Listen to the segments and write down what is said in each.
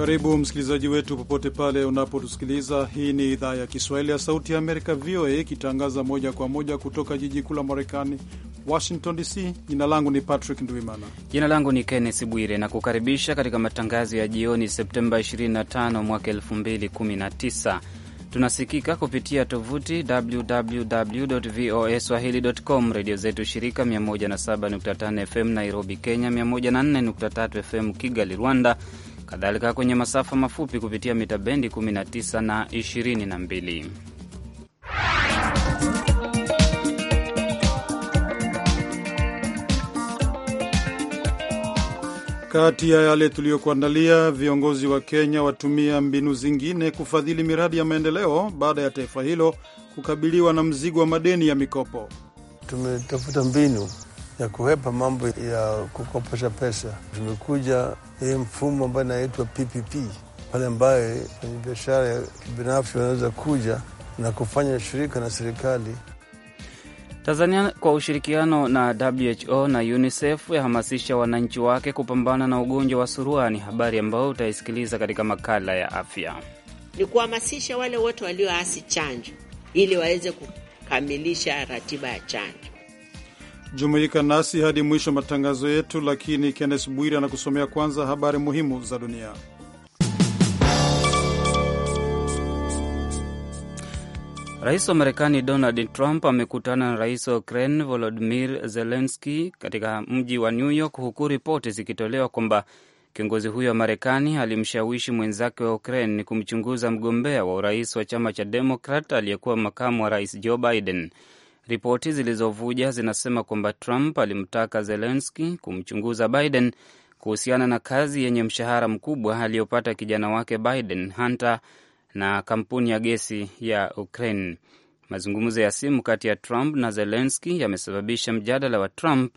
Karibu msikilizaji wetu popote pale unapotusikiliza. Hii ni idhaa ya Kiswahili ya Sauti ya Amerika, VOA, ikitangaza moja kwa moja kutoka jiji kuu la Marekani, Washington DC. Jina langu ni Patrick Ndwimana. Jina langu ni Kenneth Bwire na kukaribisha katika matangazo ya jioni, Septemba 25 mwaka 2019. Tunasikika kupitia tovuti www voa swahili.com, redio zetu shirika 107.5 FM Nairobi, Kenya, 104.3 FM Kigali, Rwanda, kadhalika kwenye masafa mafupi kupitia mita bendi 19 na 22. Kati ya yale tuliyokuandalia, viongozi wa Kenya watumia mbinu zingine kufadhili miradi ya maendeleo baada ya taifa hilo kukabiliwa na mzigo wa madeni ya mikopo. Tumetafuta mbinu ya kuhepa mambo ya kukopesha pesa. Tumekuja hii mfumo ambayo inaitwa PPP pale ambayo kwenye biashara ya kibinafsi wanaweza kuja na kufanya shirika na serikali. Tanzania kwa ushirikiano na WHO na UNICEF yahamasisha wananchi wake kupambana na ugonjwa wa surua. Ni habari ambayo utaisikiliza katika makala ya afya. Ni kuhamasisha wale wote walioasi chanjo ili waweze kukamilisha ratiba ya chanjo. Jumuika nasi hadi mwisho matangazo yetu, lakini Kennes Bwiri anakusomea kwanza habari muhimu za dunia. Rais wa Marekani Donald Trump amekutana na rais wa Ukraine Volodimir Zelenski katika mji wa New York, huku ripoti zikitolewa kwamba kiongozi huyo wa Marekani alimshawishi mwenzake wa Ukraine kumchunguza mgombea wa urais wa chama cha Demokrat aliyekuwa makamu wa rais Joe Biden. Ripoti zilizovuja zinasema kwamba Trump alimtaka Zelenski kumchunguza Biden kuhusiana na kazi yenye mshahara mkubwa aliyopata kijana wake Biden Hunter na kampuni ya gesi ya Ukraine. Mazungumzo ya simu kati ya Trump na Zelenski yamesababisha mjadala wa Trump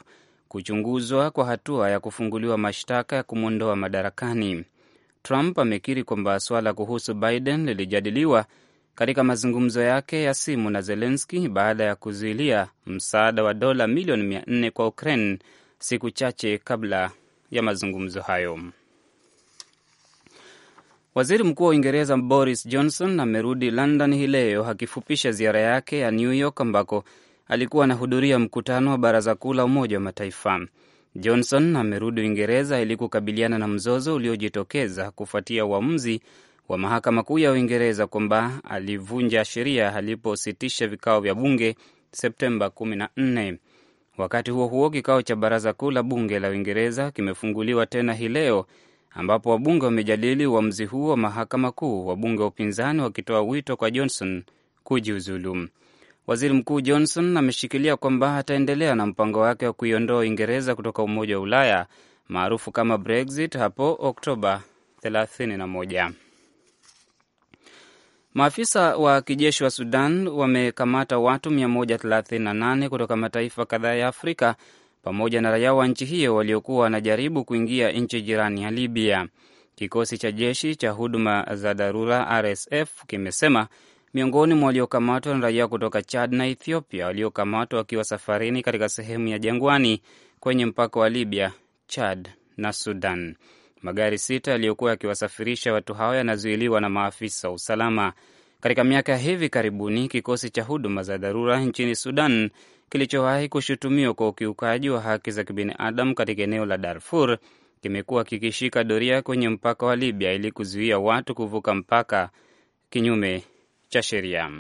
kuchunguzwa kwa hatua ya kufunguliwa mashtaka ya kumwondoa madarakani. Trump amekiri kwamba swala kuhusu Biden lilijadiliwa katika mazungumzo yake ya simu na Zelenski baada ya kuzuilia msaada wa dola milioni mia nne kwa Ukraine siku chache kabla ya mazungumzo hayo. Waziri Mkuu wa Uingereza Boris Johnson amerudi London hii leo akifupisha ziara yake ya New York ambako alikuwa anahudhuria mkutano wa Baraza Kuu la Umoja wa Mataifa. Johnson amerudi Uingereza ili kukabiliana na mzozo uliojitokeza kufuatia uamuzi wa mahakama kuu ya Uingereza kwamba alivunja sheria alipositisha vikao vya bunge Septemba 14. Wakati huo huo, kikao cha baraza kuu la bunge la Uingereza kimefunguliwa tena hii leo ambapo wabunge wamejadili uamuzi huo wa mahakama kuu, wabunge wa upinzani wakitoa wito kwa Johnson kujiuzulu. Waziri Mkuu Johnson ameshikilia kwamba ataendelea na mpango wake wa kuiondoa Uingereza kutoka Umoja wa Ulaya maarufu kama Brexit hapo Oktoba 31. Maafisa wa kijeshi wa Sudan wamekamata watu 138 kutoka mataifa kadhaa ya Afrika pamoja na raia wa nchi hiyo waliokuwa wanajaribu kuingia nchi jirani ya Libya. Kikosi cha jeshi cha huduma za dharura RSF kimesema miongoni mwa waliokamatwa na raia kutoka Chad na Ethiopia waliokamatwa wakiwa safarini katika sehemu ya jangwani kwenye mpaka wa Libya, Chad na Sudan. Magari sita yaliyokuwa yakiwasafirisha watu hao yanazuiliwa na maafisa wa usalama. Katika miaka ya hivi karibuni, kikosi cha huduma za dharura nchini Sudan kilichowahi kushutumiwa kwa ukiukaji wa haki za kibinadamu katika eneo la Darfur kimekuwa kikishika doria kwenye mpaka wa Libya ili kuzuia watu kuvuka mpaka kinyume cha sheria.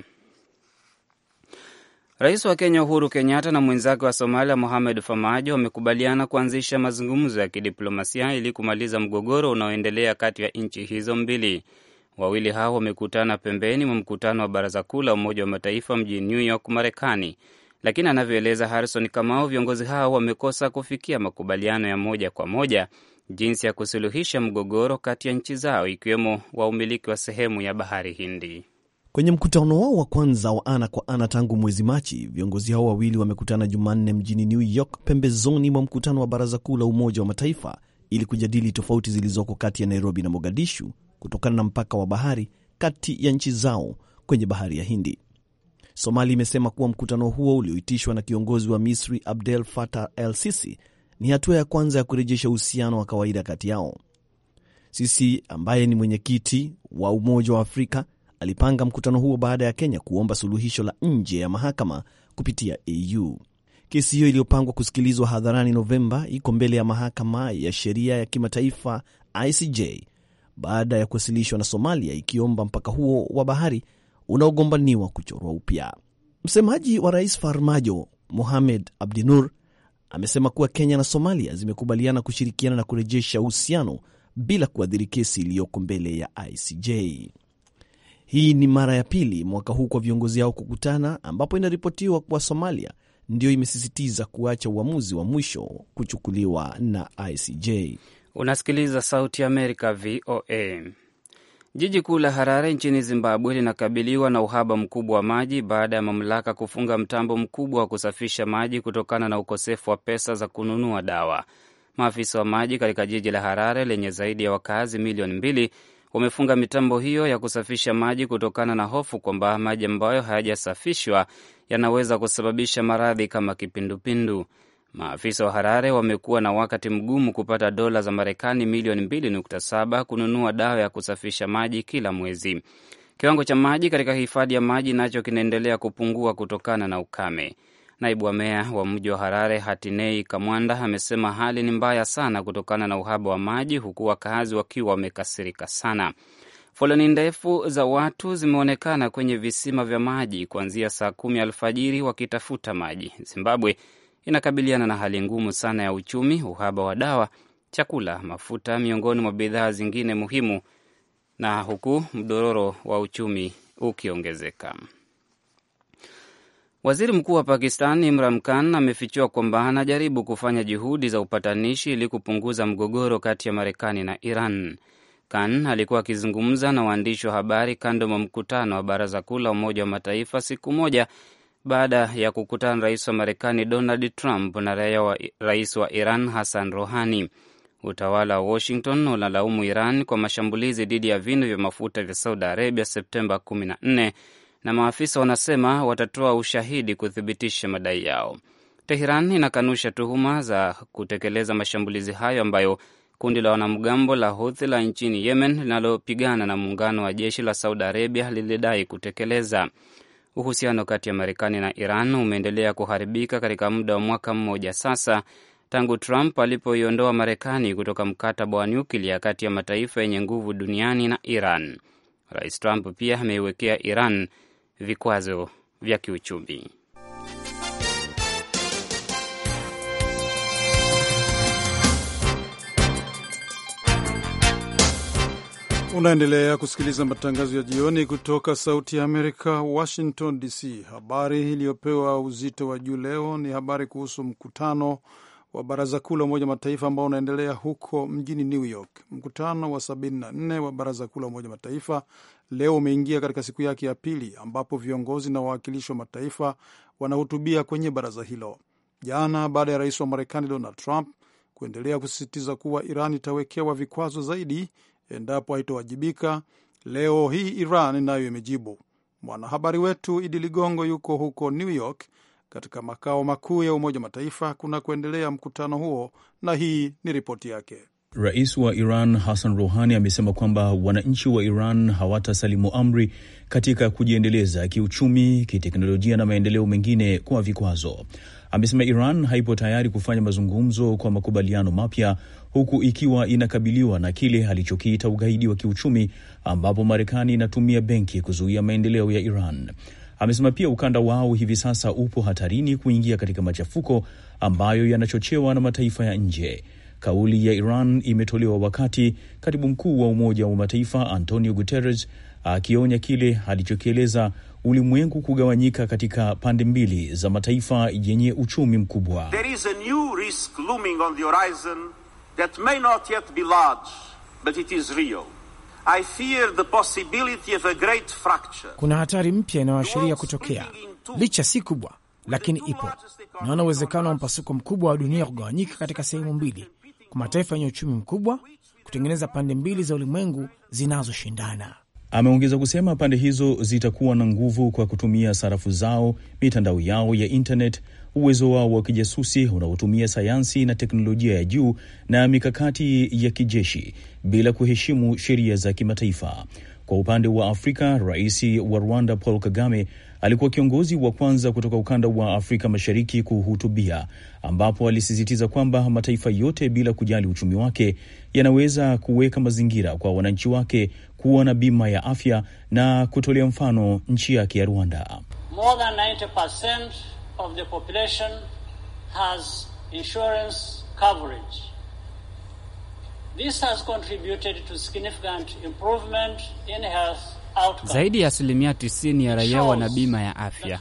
Rais wa Kenya Uhuru Kenyatta na mwenzake wa Somalia Mohamed Farmajo wamekubaliana kuanzisha mazungumzo ya kidiplomasia ili kumaliza mgogoro unaoendelea kati ya nchi hizo mbili. Wawili hao wamekutana pembeni mwa mkutano wa Baraza Kuu la Umoja wa Mataifa mjini New York, Marekani. Lakini anavyoeleza Harrison Kamau, viongozi hao wamekosa kufikia makubaliano ya moja kwa moja jinsi ya kusuluhisha mgogoro kati ya nchi zao, ikiwemo wa umiliki wa sehemu ya bahari Hindi. Kwenye mkutano wao wa kwanza wa ana kwa ana tangu mwezi Machi, viongozi hao wawili wamekutana Jumanne mjini New York, pembezoni mwa mkutano wa Baraza Kuu la Umoja wa Mataifa ili kujadili tofauti zilizoko kati ya Nairobi na Mogadishu kutokana na mpaka wa bahari kati ya nchi zao kwenye bahari ya Hindi. Somali imesema kuwa mkutano huo ulioitishwa na kiongozi wa Misri Abdel Fattah El Sisi ni hatua ya kwanza ya kurejesha uhusiano wa kawaida kati yao. Sisi ambaye ni mwenyekiti wa Umoja wa Afrika alipanga mkutano huo baada ya Kenya kuomba suluhisho la nje ya mahakama kupitia AU. Kesi hiyo iliyopangwa kusikilizwa hadharani Novemba iko mbele ya mahakama ya sheria ya kimataifa ICJ baada ya kuwasilishwa na Somalia ikiomba mpaka huo wa bahari unaogombaniwa kuchorwa upya. Msemaji wa rais Farmajo, Mohamed Abdinur, amesema kuwa Kenya na Somalia zimekubaliana kushirikiana na kurejesha uhusiano bila kuathiri kesi iliyoko mbele ya ICJ. Hii ni mara ya pili mwaka huu kwa viongozi hao kukutana, ambapo inaripotiwa kuwa Somalia ndiyo imesisitiza kuacha uamuzi wa mwisho kuchukuliwa na ICJ. Unasikiliza Sauti ya Amerika, VOA. Jiji kuu la Harare nchini Zimbabwe linakabiliwa na uhaba mkubwa wa maji baada ya mamlaka kufunga mtambo mkubwa wa kusafisha maji kutokana na ukosefu wa pesa za kununua dawa. Maafisa wa maji katika jiji la Harare lenye zaidi ya wakazi milioni mbili wamefunga mitambo hiyo ya kusafisha maji kutokana na hofu kwamba maji ambayo hayajasafishwa yanaweza kusababisha maradhi kama kipindupindu. Maafisa wa Harare wamekuwa na wakati mgumu kupata dola za Marekani milioni 2.7 kununua dawa ya kusafisha maji kila mwezi. Kiwango cha maji katika hifadhi ya maji nacho kinaendelea kupungua kutokana na ukame. Naibu wa meya wa mji wa Harare Hatinei Kamwanda amesema hali ni mbaya sana kutokana na uhaba wa maji, huku wakazi wakiwa wamekasirika sana. Foleni ndefu za watu zimeonekana kwenye visima vya maji kuanzia saa kumi alfajiri wakitafuta maji. Zimbabwe inakabiliana na hali ngumu sana ya uchumi, uhaba wa dawa, chakula, mafuta, miongoni mwa bidhaa zingine muhimu, na huku mdororo wa uchumi ukiongezeka. Waziri Mkuu wa Pakistan Imran Khan amefichua kwamba anajaribu kufanya juhudi za upatanishi ili kupunguza mgogoro kati ya Marekani na Iran. Khan alikuwa akizungumza na waandishi wa habari kando mwa mkutano wa Baraza Kuu la Umoja wa Mataifa siku moja baada ya kukutana rais wa Marekani Donald Trump na raia wa, rais wa Iran Hassan Rohani. Utawala wa Washington unalaumu Iran kwa mashambulizi dhidi ya vinu vya mafuta vya Saudi Arabia Septemba 14 na maafisa wanasema watatoa ushahidi kuthibitisha madai yao. Teheran inakanusha tuhuma za kutekeleza mashambulizi hayo ambayo kundi la wanamgambo la Houthi la nchini Yemen linalopigana na muungano wa jeshi la Saudi Arabia lilidai kutekeleza. Uhusiano kati ya Marekani na Iran umeendelea kuharibika katika muda wa mwaka mmoja sasa tangu Trump alipoiondoa Marekani kutoka mkataba wa nyuklia kati ya mataifa yenye nguvu duniani na Iran. Rais Trump pia ameiwekea Iran vikwazo vya kiuchumi. Unaendelea kusikiliza matangazo ya jioni kutoka Sauti ya Amerika, Washington DC. Habari iliyopewa uzito wa juu leo ni habari kuhusu mkutano wa Baraza Kuu la Umoja Mataifa ambao unaendelea huko mjini New York. Mkutano wa 74 wa Baraza Kuu la Umoja Mataifa leo umeingia katika siku yake ya pili, ambapo viongozi na wawakilishi wa mataifa wanahutubia kwenye baraza hilo. Jana baada ya rais wa Marekani Donald Trump kuendelea kusisitiza kuwa Iran itawekewa vikwazo zaidi endapo haitowajibika, leo hii Iran nayo imejibu. Mwanahabari wetu Idi Ligongo yuko huko New York katika makao makuu ya Umoja wa Mataifa kuna kuendelea mkutano huo, na hii ni ripoti yake. Rais wa Iran Hassan Rouhani amesema kwamba wananchi wa Iran hawatasalimu amri katika kujiendeleza kiuchumi, kiteknolojia na maendeleo mengine kwa vikwazo. Amesema Iran haipo tayari kufanya mazungumzo kwa makubaliano mapya huku ikiwa inakabiliwa na kile alichokiita ugaidi wa kiuchumi ambapo Marekani inatumia benki kuzuia maendeleo ya Iran. Amesema pia ukanda wao hivi sasa upo hatarini kuingia katika machafuko ambayo yanachochewa na mataifa ya nje. Kauli ya Iran imetolewa wakati katibu mkuu wa Umoja wa Mataifa Antonio Guterres akionya kile alichokieleza ulimwengu kugawanyika katika pande mbili za mataifa yenye uchumi mkubwa. There is a new risk looming on the horizon that may not yet be large, but it is real. I fear the possibility of a great fracture. Kuna hatari mpya inayoashiria kutokea, licha si kubwa, lakini ipo. Naona uwezekano wa mpasuko mkubwa wa dunia kugawanyika katika sehemu mbili, kwa mataifa yenye uchumi mkubwa kutengeneza pande mbili za ulimwengu zinazoshindana. Ameongeza kusema pande hizo zitakuwa na nguvu kwa kutumia sarafu zao, mitandao yao ya intenet uwezo wao wa kijasusi unaotumia sayansi na teknolojia ya juu na mikakati ya kijeshi bila kuheshimu sheria za kimataifa. Kwa upande wa Afrika, rais wa Rwanda Paul Kagame alikuwa kiongozi wa kwanza kutoka ukanda wa Afrika Mashariki kuhutubia, ambapo alisisitiza kwamba mataifa yote bila kujali uchumi wake yanaweza kuweka mazingira kwa wananchi wake kuwa na bima ya afya na kutolea mfano nchi yake ya Rwanda. More than 90% of the population has insurance coverage. This has contributed to significant improvement in health outcomes. Zaidi ya asilimia 90 ya raia wana bima ya afya.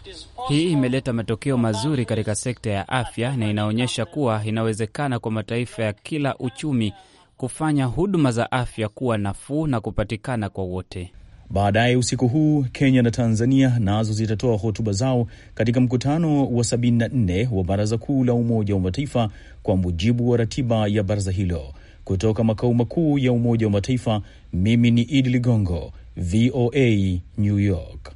Hii imeleta matokeo mazuri katika sekta ya afya na inaonyesha kuwa inawezekana kwa mataifa ya kila uchumi kufanya huduma za afya kuwa nafuu na kupatikana kwa wote. Baadaye usiku huu Kenya na Tanzania nazo zitatoa hotuba zao katika mkutano wa 74 wa Baraza Kuu la Umoja wa Mataifa kwa mujibu wa ratiba ya baraza hilo. Kutoka makao makuu ya Umoja wa Mataifa, mimi ni Idi Ligongo, VOA New York.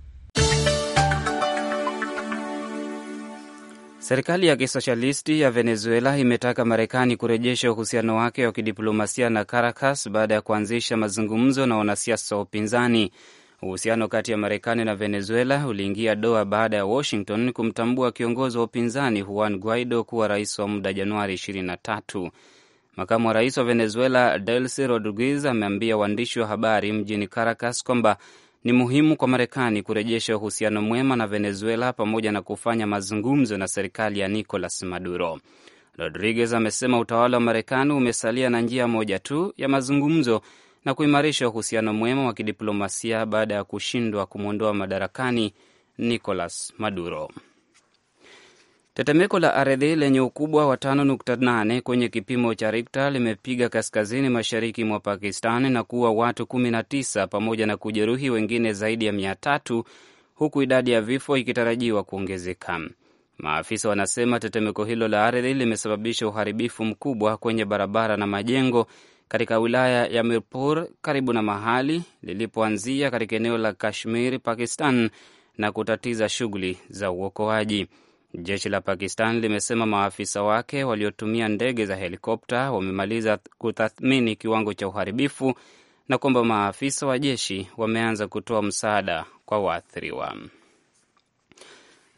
Serikali ya kisoshalisti ya Venezuela imetaka Marekani kurejesha uhusiano wake wa kidiplomasia na Caracas baada ya kuanzisha mazungumzo na wanasiasa wa upinzani. Uhusiano kati ya Marekani na Venezuela uliingia doa baada ya Washington kumtambua kiongozi wa upinzani Juan Guaido kuwa rais wa muda Januari 23. Makamu wa rais wa Venezuela Delcy Rodriguez ameambia waandishi wa habari mjini Caracas kwamba ni muhimu kwa Marekani kurejesha uhusiano mwema na Venezuela pamoja na kufanya mazungumzo na serikali ya Nicolas Maduro. Rodriguez amesema utawala wa Marekani umesalia na njia moja tu ya mazungumzo na kuimarisha uhusiano mwema wa kidiplomasia baada ya kushindwa kumwondoa madarakani Nicolas Maduro. Tetemeko la ardhi lenye ukubwa wa 5.8 kwenye kipimo cha rikta limepiga kaskazini mashariki mwa Pakistan na kuua watu 19 pamoja na kujeruhi wengine zaidi ya mia tatu huku idadi ya vifo ikitarajiwa kuongezeka. Maafisa wanasema tetemeko hilo la ardhi limesababisha uharibifu mkubwa kwenye barabara na majengo katika wilaya ya Mirpur karibu na mahali lilipoanzia katika eneo la Kashmir, Pakistan, na kutatiza shughuli za uokoaji. Jeshi la Pakistan limesema maafisa wake waliotumia ndege za helikopta wamemaliza kutathmini kiwango cha uharibifu na kwamba maafisa wa jeshi wameanza kutoa msaada kwa waathiriwa.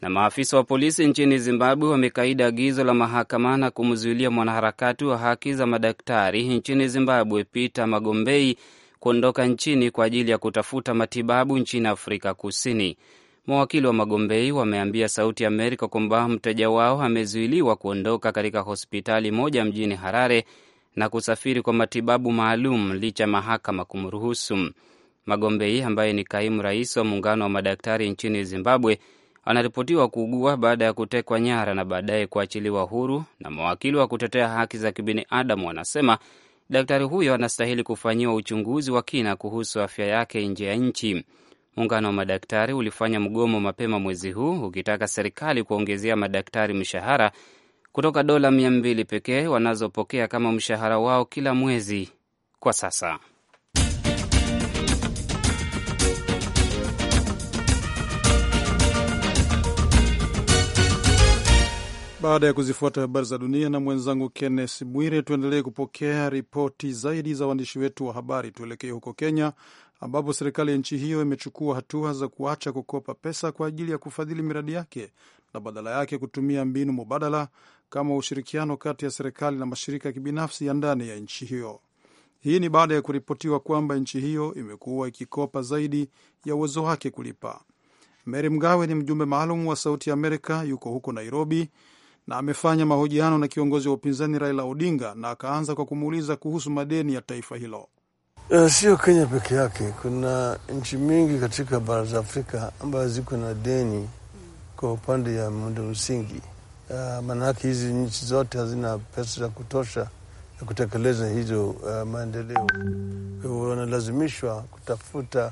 Na maafisa wa polisi nchini Zimbabwe wamekaidi agizo la mahakama na kumzuilia mwanaharakati wa haki za madaktari nchini Zimbabwe Peter Magombei kuondoka nchini kwa ajili ya kutafuta matibabu nchini Afrika Kusini. Mawakili wa Magombei wameambia Sauti Amerika kwamba mteja wao amezuiliwa kuondoka katika hospitali moja mjini Harare na kusafiri kwa matibabu maalum licha ya mahakama kumruhusu. Magombei ambaye ni kaimu rais wa muungano wa madaktari nchini Zimbabwe anaripotiwa kuugua baada ya kutekwa nyara na baadaye kuachiliwa huru, na mawakili wa kutetea haki za kibinadamu wanasema daktari huyo anastahili kufanyiwa uchunguzi wa kina kuhusu afya yake nje ya nchi. Muungano wa madaktari ulifanya mgomo mapema mwezi huu ukitaka serikali kuongezea madaktari mshahara kutoka dola mia mbili pekee wanazopokea kama mshahara wao kila mwezi kwa sasa. Baada ya kuzifuata habari za dunia na mwenzangu Kennes Bwire, tuendelee kupokea ripoti zaidi za waandishi wetu wa habari. Tuelekee huko Kenya ambapo serikali ya nchi hiyo imechukua hatua za kuacha kukopa pesa kwa ajili ya kufadhili miradi yake na badala yake kutumia mbinu mubadala kama ushirikiano kati ya serikali na mashirika ya kibinafsi ya ndani ya nchi hiyo. Hii ni baada ya kuripotiwa kwamba nchi hiyo imekuwa ikikopa zaidi ya uwezo wake kulipa. Mary Mgawe ni mjumbe maalum wa Sauti ya Amerika, yuko huko Nairobi na amefanya mahojiano na kiongozi wa upinzani Raila Odinga na akaanza kwa kumuuliza kuhusu madeni ya taifa hilo. Eh, sio Kenya peke yake, kuna nchi mingi katika bara za Afrika ambazo ziko na deni kwa upande ya mundo msingi. Uh, eh, maanake hizi nchi zote hazina pesa za kutosha ya kutekeleza hizo uh, maendeleo. Kwa wanalazimishwa kutafuta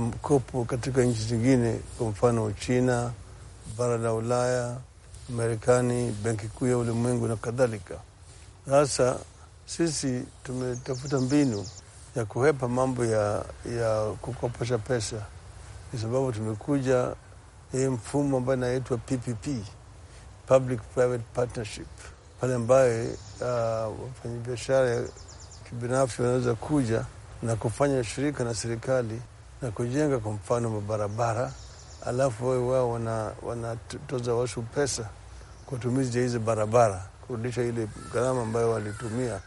mkopo um, katika nchi zingine, kwa mfano china bara la Ulaya, Marekani, benki kuu ya ulimwengu na kadhalika. Sasa sisi tumetafuta mbinu ya kuhepa mambo ya, ya kukopesha pesa, kwa sababu tumekuja hii mfumo ambayo inaitwa PPP, public private partnership, pale ambayo ah, wafanyabiashara uh, kibinafsi wanaweza kuja na kufanya shirika na serikali na kujenga kwa mfano mabarabara, alafu wawe wao wanatoza wana pesa kwa tumizi ya hizi barabara kurudisha ile gharama ambayo walitumia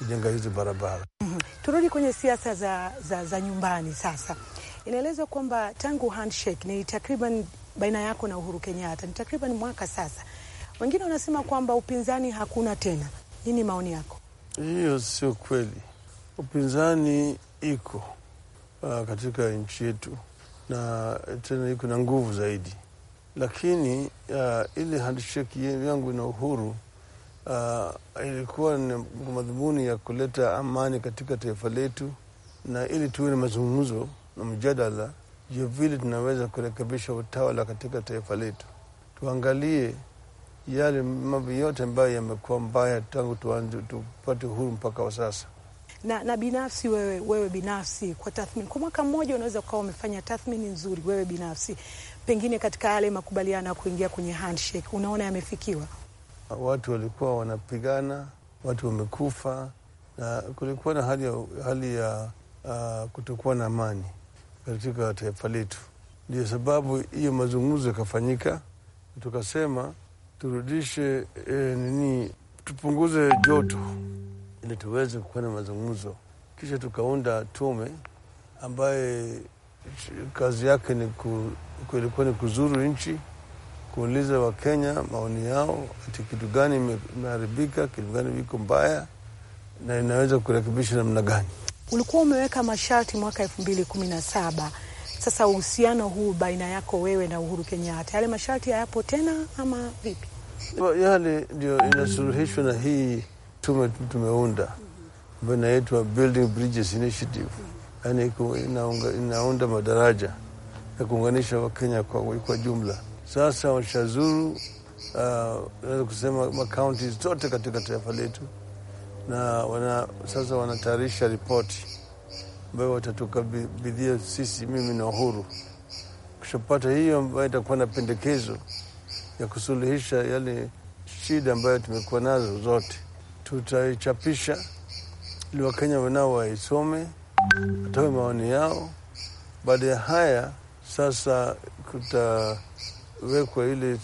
kujenga hizi barabara. Mm -hmm. Turudi kwenye siasa za, za, za nyumbani sasa. Inaelezwa kwamba tangu handshake ni takriban baina yako na Uhuru Kenyatta ni takriban mwaka sasa, wengine wanasema kwamba upinzani hakuna tena. Nini maoni yako? Hiyo sio kweli. Upinzani iko uh, katika nchi yetu na tena iko na nguvu zaidi, lakini uh, ile handshake yangu na Uhuru uh, ilikuwa ni madhumuni ya kuleta amani katika taifa letu, na ili tuwe na mazungumzo na mjadala ya vile tunaweza kurekebisha utawala katika taifa letu. Tuangalie yale mambo yote ambayo yamekuwa mbaya tangu tuanze tupate uhuru mpaka wa sasa. Na, na binafsi wewe, wewe binafsi kwa tathmini kwa mwaka mmoja unaweza ukawa umefanya tathmini nzuri wewe binafsi, pengine katika yale makubaliano ya kuingia kwenye handshake, unaona yamefikiwa? watu walikuwa wanapigana, watu wamekufa, na kulikuwa na hali ya, hali ya uh, kutokuwa na amani katika taifa letu. Ndio sababu hiyo mazungumzo yakafanyika, tukasema turudishe e, nini, tupunguze joto ili tuweze kufanya mazungumzo. Kisha tukaunda tume ambaye kazi yake ilikuwa ni kuzuru nchi kuuliza Wakenya maoni yao, ati kitu gani imeharibika, kitu gani viko mbaya na inaweza kurekebisha namna gani. Ulikuwa umeweka masharti mwaka elfu mbili kumi na saba. Sasa uhusiano huu baina yako wewe na Uhuru Kenyatta, yale masharti hayapo tena ama vipi? Yale ndio inasuluhishwa na hii tume tumeunda ambayo inaitwa Building Bridges Initiative, yaani inaunda madaraja ya kuunganisha Wakenya kwa, kwa jumla sasa washazuru uh, naweza uh, kusema makaunti zote katika taifa letu, na wana, sasa wanatayarisha ripoti ambayo watatukabidhia sisi, mimi na Uhuru. Kushapata hiyo ambayo itakuwa na pendekezo ya kusuluhisha yale shida ambayo tumekuwa nazo zote, tutaichapisha ili Wakenya wanao waisome, watoe maoni yao. Baada ya haya sasa kuta wekwa ile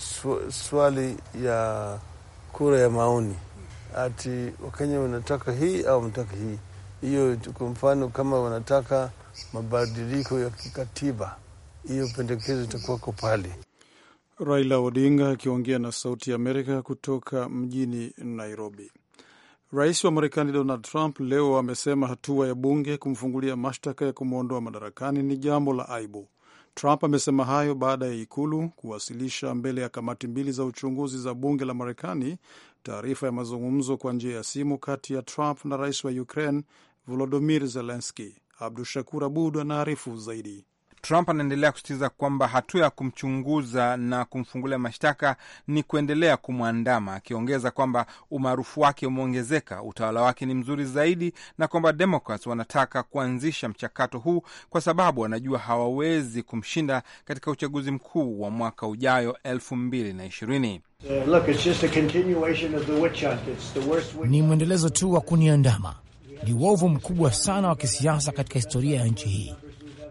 swali ya kura ya maoni, ati Wakenya wanataka hii au wanataka hii. Hiyo kwa mfano, kama wanataka mabadiliko ya kikatiba, hiyo pendekezo itakuwako pale. Raila Odinga akiongea na Sauti ya Amerika kutoka mjini Nairobi. Rais wa Marekani Donald Trump leo amesema hatua ya bunge kumfungulia mashtaka ya kumwondoa madarakani ni jambo la aibu. Trump amesema hayo baada ya ikulu kuwasilisha mbele ya kamati mbili za uchunguzi za bunge la Marekani taarifa ya mazungumzo kwa njia ya simu kati ya Trump na rais wa Ukraine Volodymyr Zelensky. Abdu Shakur Abud anaarifu zaidi. Trump anaendelea kusitiza kwamba hatua ya kumchunguza na kumfungulia mashtaka ni kuendelea kumwandama, akiongeza kwamba umaarufu wake umeongezeka, utawala wake ni mzuri zaidi, na kwamba Democrats wanataka kuanzisha mchakato huu kwa sababu wanajua hawawezi kumshinda katika uchaguzi mkuu wa mwaka ujayo elfu mbili na ishirini. Uh, ni mwendelezo tu wa kuniandama. Ni uovu mkubwa sana wa kisiasa katika historia ya nchi hii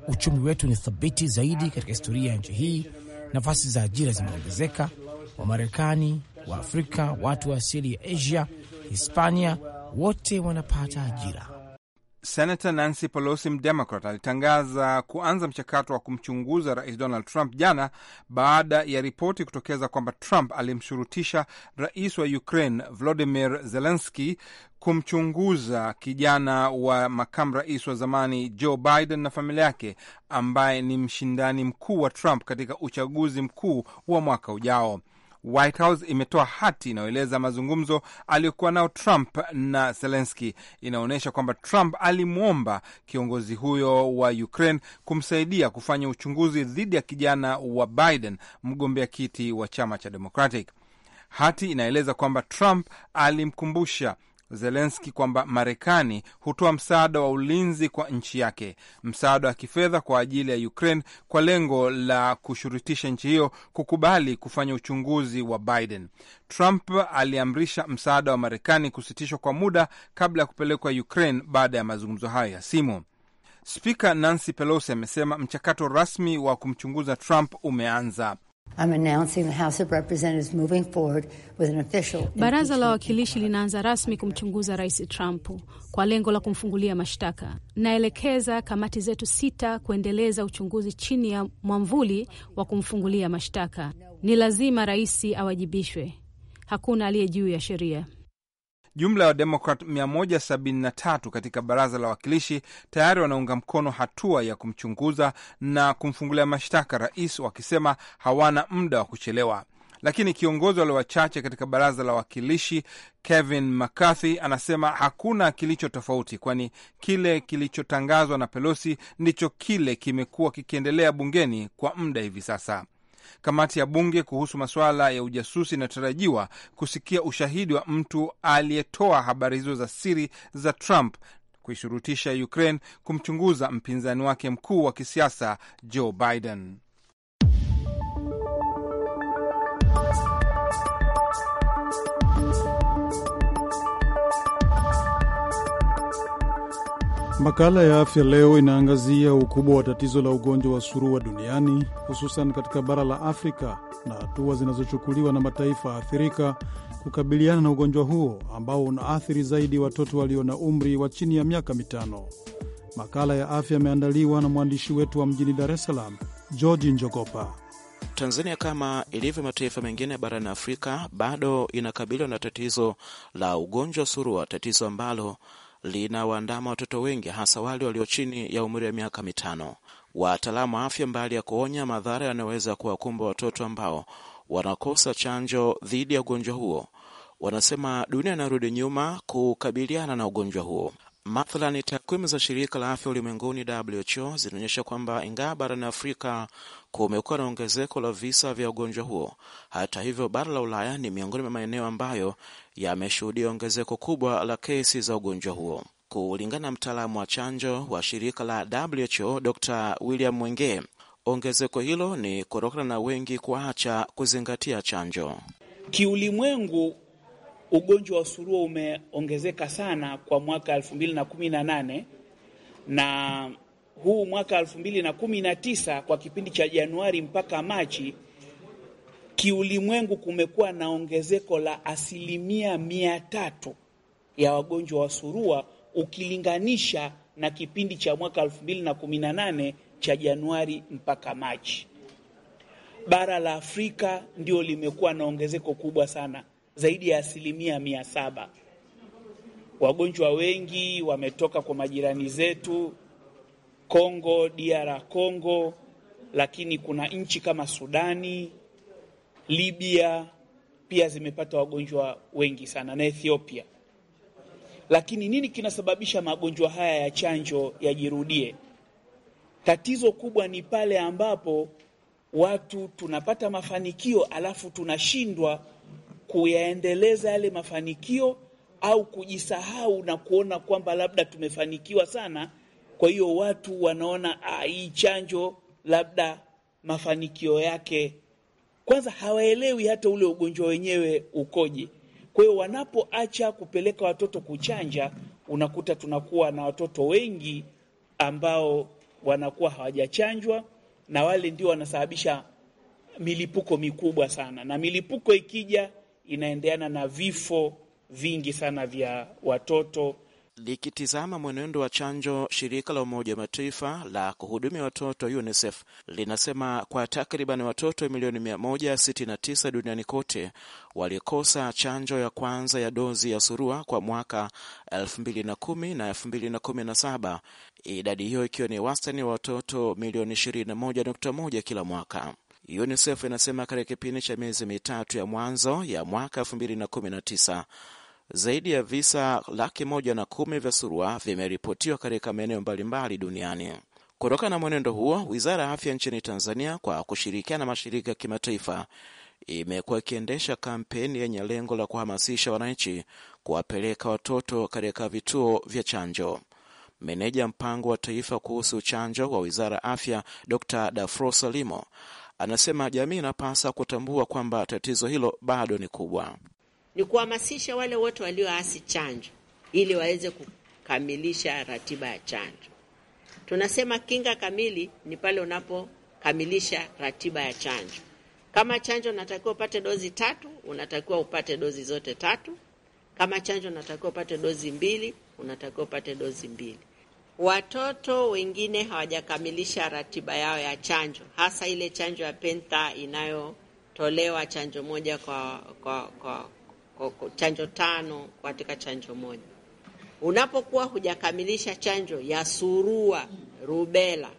uchumi wetu ni thabiti zaidi katika historia ya nchi hii, nafasi za ajira zimeongezeka. Wamarekani, Waafrika, watu wa asili ya Asia, Hispania, wote wanapata ajira. Senator Nancy Pelosi mdemokrat alitangaza kuanza mchakato wa kumchunguza rais Donald Trump jana baada ya ripoti kutokeza kwamba Trump alimshurutisha rais wa Ukraine volodimir zelenski kumchunguza kijana wa makamu rais wa zamani Joe Biden na familia yake ambaye ni mshindani mkuu wa Trump katika uchaguzi mkuu wa mwaka ujao. White House imetoa hati inayoeleza mazungumzo aliyokuwa nao Trump na Zelenski. Inaonyesha kwamba Trump alimwomba kiongozi huyo wa Ukraine kumsaidia kufanya uchunguzi dhidi ya kijana wa Biden, mgombea kiti wa chama cha Democratic. Hati inaeleza kwamba Trump alimkumbusha Zelenski kwamba Marekani hutoa msaada wa ulinzi kwa nchi yake, msaada wa kifedha kwa ajili ya Ukraine kwa lengo la kushurutisha nchi hiyo kukubali kufanya uchunguzi wa Biden. Trump aliamrisha msaada wa Marekani kusitishwa kwa muda kabla ya kupelekwa Ukraine baada ya mazungumzo hayo ya simu. Spika Nancy Pelosi amesema mchakato rasmi wa kumchunguza Trump umeanza. Baraza la Wawakilishi linaanza rasmi kumchunguza Rais Trump kwa lengo la kumfungulia mashtaka. Naelekeza kamati zetu sita kuendeleza uchunguzi chini ya mwamvuli wa kumfungulia mashtaka. Ni lazima rais awajibishwe. Hakuna aliye juu ya sheria. Jumla ya Wademokrat 173 katika baraza la wawakilishi tayari wanaunga mkono hatua ya kumchunguza na kumfungulia mashtaka rais, wakisema hawana muda wa kuchelewa. Lakini kiongozi walio wachache katika baraza la wawakilishi Kevin McCarthy anasema hakuna kilicho tofauti, kwani kile kilichotangazwa na Pelosi ndicho kile kimekuwa kikiendelea bungeni kwa muda hivi sasa. Kamati ya bunge kuhusu masuala ya ujasusi inatarajiwa kusikia ushahidi wa mtu aliyetoa habari hizo za siri za Trump kuishurutisha Ukraine kumchunguza mpinzani wake mkuu wa kisiasa Joe Biden. Makala ya afya leo inaangazia ukubwa wa tatizo la ugonjwa wa surua duniani, hususan katika bara la Afrika na hatua zinazochukuliwa na mataifa athirika kukabiliana na ugonjwa huo ambao unaathiri zaidi watoto walio na umri wa chini ya miaka mitano. Makala ya afya yameandaliwa na mwandishi wetu wa mjini Dar es Salaam, Georgi Njogopa. Tanzania kama ilivyo mataifa mengine barani Afrika bado inakabiliwa na tatizo la ugonjwa surua, tatizo ambalo linawaandama watoto wengi, hasa wale walio chini ya umri wa miaka mitano. Wataalamu wa afya, mbali ya kuonya madhara yanayoweza kuwakumba watoto ambao wanakosa chanjo dhidi ya ugonjwa huo, wanasema dunia inarudi nyuma kukabiliana na ugonjwa huo. Mathalani, takwimu za shirika la afya ulimwenguni WHO zinaonyesha kwamba ingawa barani Afrika kumekuwa na ongezeko la visa vya ugonjwa huo, hata hivyo, bara la Ulaya ni miongoni mwa maeneo ambayo yameshuhudia ongezeko kubwa la kesi za ugonjwa huo. Kulingana na mtaalamu wa chanjo wa shirika la WHO Dr William Mwenge, ongezeko hilo ni kutokana na wengi kuacha kuzingatia chanjo. Kiulimwengu, ugonjwa wa surua umeongezeka sana kwa mwaka 2018 na huu mwaka 2019 kwa kipindi cha Januari mpaka Machi kiulimwengu kumekuwa na ongezeko la asilimia mia tatu ya wagonjwa wa surua ukilinganisha na kipindi cha mwaka 2018 cha Januari mpaka Machi. Bara la Afrika ndio limekuwa na ongezeko kubwa sana, zaidi ya asilimia mia saba. Wagonjwa wengi wametoka kwa majirani zetu Kongo, DR Congo, lakini kuna nchi kama Sudani Libya pia zimepata wagonjwa wengi sana na Ethiopia. Lakini nini kinasababisha magonjwa haya ya chanjo yajirudie? Tatizo kubwa ni pale ambapo watu tunapata mafanikio alafu tunashindwa kuyaendeleza yale mafanikio au kujisahau na kuona kwamba labda tumefanikiwa sana. Kwa hiyo watu wanaona ah, hii chanjo labda mafanikio yake kwanza hawaelewi hata ule ugonjwa wenyewe ukoje. Kwa hiyo wanapoacha kupeleka watoto kuchanja, unakuta tunakuwa na watoto wengi ambao wanakuwa hawajachanjwa, na wale ndio wanasababisha milipuko mikubwa sana, na milipuko ikija inaendeana na vifo vingi sana vya watoto Likitizama mwenendo wa chanjo, shirika la Umoja wa Mataifa la kuhudumia watoto UNICEF linasema kwa takriban watoto milioni 169 duniani kote walikosa chanjo ya kwanza ya dozi ya surua kwa mwaka 2010 na 2017, idadi hiyo ikiwa ni wastani wa watoto milioni 21.1 kila mwaka. UNICEF inasema katika kipindi cha miezi mitatu ya mwanzo ya mwaka 2019 zaidi ya visa laki moja na kumi vya surua vimeripotiwa katika maeneo mbalimbali duniani. Kutokana na mwenendo huo, wizara ya afya nchini Tanzania kwa kushirikiana na mashirika ya kimataifa imekuwa ikiendesha kampeni yenye lengo la kuhamasisha wananchi kuwapeleka watoto katika vituo vya chanjo. Meneja mpango wa taifa kuhusu chanjo wa wizara ya afya Dr Dafro Salimo anasema jamii inapasa kutambua kwamba tatizo hilo bado ni kubwa ni kuhamasisha wale wote walioasi chanjo ili waweze kukamilisha ratiba ya chanjo. Tunasema kinga kamili ni pale unapokamilisha ratiba ya chanjo. Kama chanjo unatakiwa upate dozi tatu, unatakiwa upate dozi zote tatu. Kama chanjo unatakiwa upate dozi mbili, unatakiwa upate dozi mbili. Watoto wengine hawajakamilisha ratiba yao ya chanjo, hasa ile chanjo ya penta inayotolewa chanjo moja kwa, kwa, kwa, chanjo tano katika chanjo moja. Unapokuwa hujakamilisha chanjo ya surua, rubela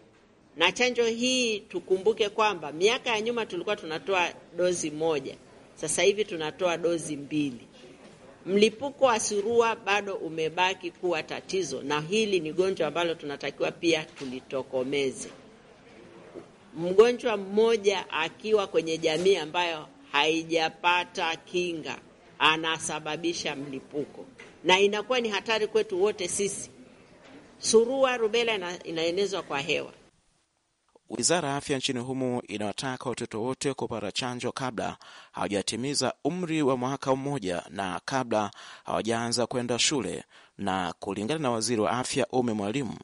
na chanjo hii, tukumbuke kwamba miaka ya nyuma tulikuwa tunatoa dozi moja, sasa hivi tunatoa dozi mbili. Mlipuko wa surua bado umebaki kuwa tatizo, na hili ni gonjwa ambalo tunatakiwa pia tulitokomeze. Mgonjwa mmoja akiwa kwenye jamii ambayo haijapata kinga anasababisha mlipuko na inakuwa ni hatari kwetu wote sisi. Surua, rubela ina, inaenezwa kwa hewa. Wizara ya afya nchini humo inawataka watoto wote kupata chanjo kabla hawajatimiza umri wa mwaka mmoja na kabla hawajaanza kwenda shule. Na kulingana na waziri wa afya ume Mwalimu,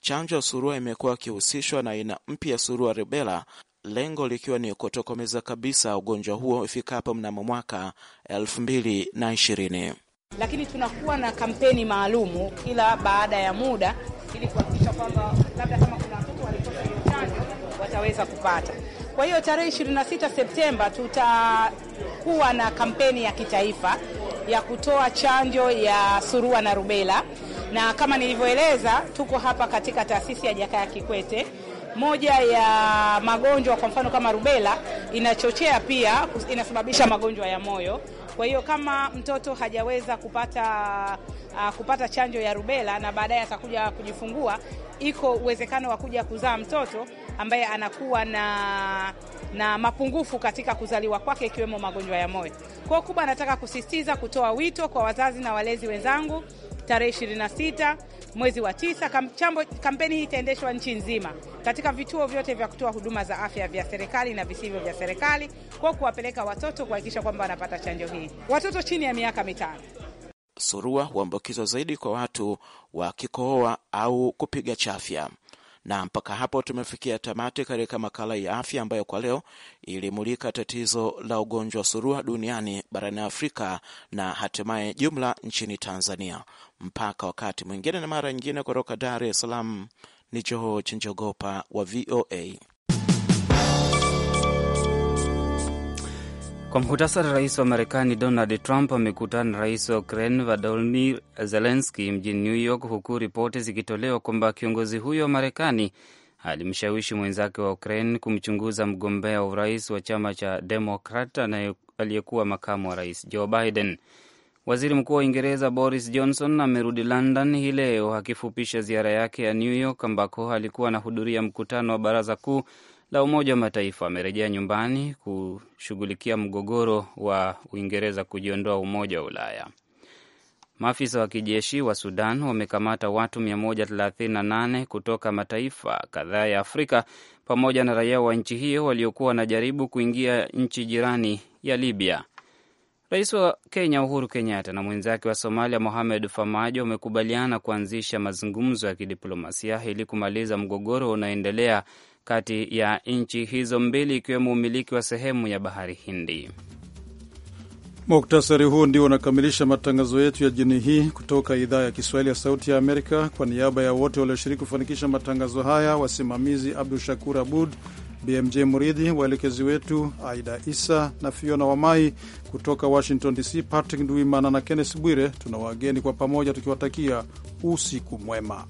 chanjo ya surua imekuwa ikihusishwa na aina mpya ya surua rubela lengo likiwa ni kutokomeza kabisa ugonjwa huo ifikapo mnamo mwaka 2020. Lakini tunakuwa na kampeni maalumu kila baada ya muda ili kuhakikisha kwamba labda kama kuna watoto walikosa hiyo chanjo wataweza kupata. Kwa hiyo tarehe 26 Septemba tutakuwa na kampeni ya kitaifa ya kutoa chanjo ya surua na rubela, na kama nilivyoeleza, tuko hapa katika taasisi ya Jakaya Kikwete moja ya magonjwa kwa mfano kama rubela inachochea pia, inasababisha magonjwa ya moyo. Kwa hiyo kama mtoto hajaweza kupata uh, kupata chanjo ya rubela na baadaye atakuja kujifungua, iko uwezekano wa kuja kuzaa mtoto ambaye anakuwa na na mapungufu katika kuzaliwa kwake ikiwemo magonjwa ya moyo. Kwa kubwa, anataka kusisitiza kutoa wito kwa wazazi na walezi wenzangu tarehe 26 mwezi wa tisa. Kam, kampeni hii itaendeshwa nchi nzima katika vituo vyote vya kutoa huduma za afya vya serikali na visivyo vya serikali, kwa kuwapeleka watoto kuhakikisha kwamba wanapata chanjo hii, watoto chini ya miaka mitano. Surua huambukizwa zaidi kwa watu wakikohoa au kupiga chafya. Na mpaka hapo tumefikia tamati katika makala ya afya ambayo kwa leo ilimulika tatizo la ugonjwa surua duniani barani Afrika na hatimaye jumla nchini Tanzania. Mpaka wakati mwingine na mara nyingine, kutoka Dar es Salaam ni Joho Chinjogopa wa VOA. Kwa muhtasari, rais wa Marekani Donald Trump amekutana na rais wa Ukraine Volodymyr Zelenski mjini New York, huku ripoti zikitolewa kwamba kiongozi huyo wa Marekani alimshawishi mwenzake wa Ukraine kumchunguza mgombea wa urais wa chama cha Demokrat aliyekuwa makamu wa rais Joe Biden. Waziri Mkuu wa Uingereza Boris Johnson amerudi London hii leo akifupisha ziara yake ya New York ambako alikuwa anahudhuria mkutano wa baraza kuu la Umoja wa Mataifa amerejea nyumbani kushughulikia mgogoro wa Uingereza kujiondoa Umoja wa Ulaya. Maafisa wa kijeshi wa Sudan wamekamata watu 138 kutoka mataifa kadhaa ya Afrika pamoja na raia wa nchi hiyo waliokuwa wanajaribu kuingia nchi jirani ya Libya. Rais wa Kenya Uhuru Kenyatta na mwenzake wa Somalia Mohamed Farmajo wamekubaliana kuanzisha mazungumzo ya kidiplomasia ili kumaliza mgogoro unaoendelea kati ya nchi hizo mbili, ikiwemo umiliki wa sehemu ya bahari Hindi. Muktasari huu ndio unakamilisha matangazo yetu ya jioni hii kutoka idhaa ya Kiswahili ya Sauti ya Amerika. Kwa niaba ya wote walioshiriki kufanikisha matangazo haya, wasimamizi Abdu Shakur Abud, BMJ Muridhi, waelekezi wetu Aida Isa na Fiona Wamai. Kutoka Washington DC, Patrick Nduimana na Kenneth Bwire, tuna wageni kwa pamoja tukiwatakia usiku mwema.